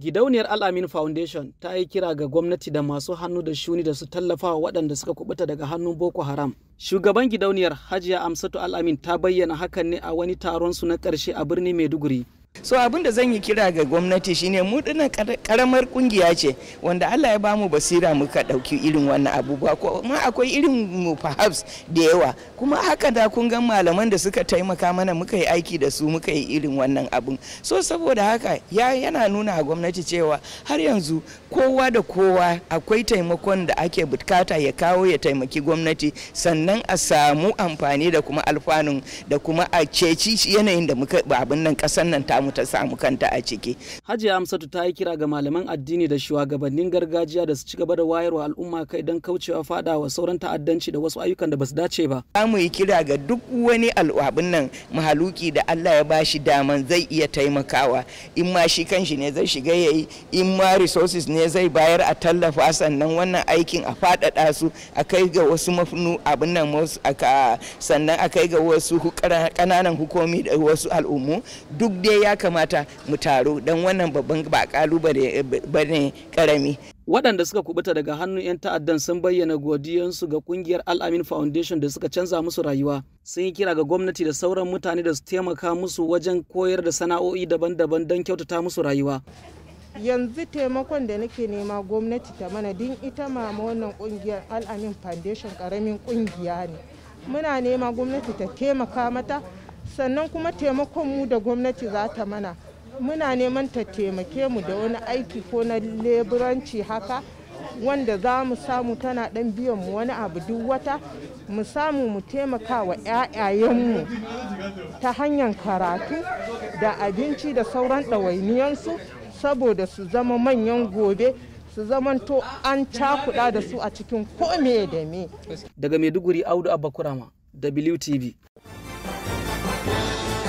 Gidauniyar Al'amin Foundation ta yi kira ga gwamnati da masu hannu da shuni da su tallafa wa waɗanda suka kubuta daga hannun Boko Haram. Shugaban gidauniyar Hajiya Amsatu Al'amin ta bayyana hakan ne a wani taron su na ƙarshe a birnin Maiduguri. so abin da zan yi kira ga gwamnati shine mu dinnan karamar kungiya ce wanda Allah ya ba mu basira muka dauki irin wannan abubuwa ko ma akwai irin mu perhaps da yawa kuma haka da kun ga malaman da suka taimaka mana muka yi aiki da su muka yi irin wannan abun so saboda haka ya yana nuna a gwamnati cewa har yanzu kowa da kowa akwai taimakon da ake bukata ya kawo ya taimaki gwamnati sannan a samu amfani da kuma alfanun da kuma a ceci yanayin da muka abin nan kasan nan ta samu ta samu kanta a ciki. Hajiya Amsatu ta yi kira ga malaman addini da shugabannin gargajiya da su ci gaba da wayarwa al'umma kai don kaucewa wa sauran ta'addanci da wasu ayyukan da basu dace ba. Za mu yi kira ga duk wani al'abin nan mahaluki da Allah ya bashi daman zai iya taimakawa in ma shi kanshi ne zai shiga ya yi in ma resources ne zai bayar a tallafa sannan wannan aikin a faɗaɗa su a kai ga wasu mafnu abin nan sannan a kai ga wasu ƙananan hukumi da wasu al'ummu duk dai ya ya kamata mu taru don wannan babban ba kalubale eh, bane karami waɗanda suka kubuta daga hannun 'yan ta'addan sun bayyana godiyansu ga kungiyar al'amin foundation da suka canza musu rayuwa sun yi kira ga gwamnati da sauran mutane da su taimaka musu wajen koyar da sana'o'i daban-daban don kyautata musu rayuwa yanzu taimakon da nake nema gwamnati ta mana din ita mama wannan kungiyar al'amin foundation karamin kungiya ne muna nema gwamnati ta taimaka mata sannan kuma taimakon mu da gwamnati za ta mana muna neman ta taimake mu da wani aiki ko na leburanci haka wanda za mu samu tana dan biyan mu wani abu duk wata mu samu mu taimaka wa 'ya'yayenmu ta hanyar karatu da abinci da sauran ɗawainiyansu saboda su zama manyan gobe su to an cakuɗa da su a cikin kome da me. Daga Maiduguri Audu Abakurama, WTV. Bye.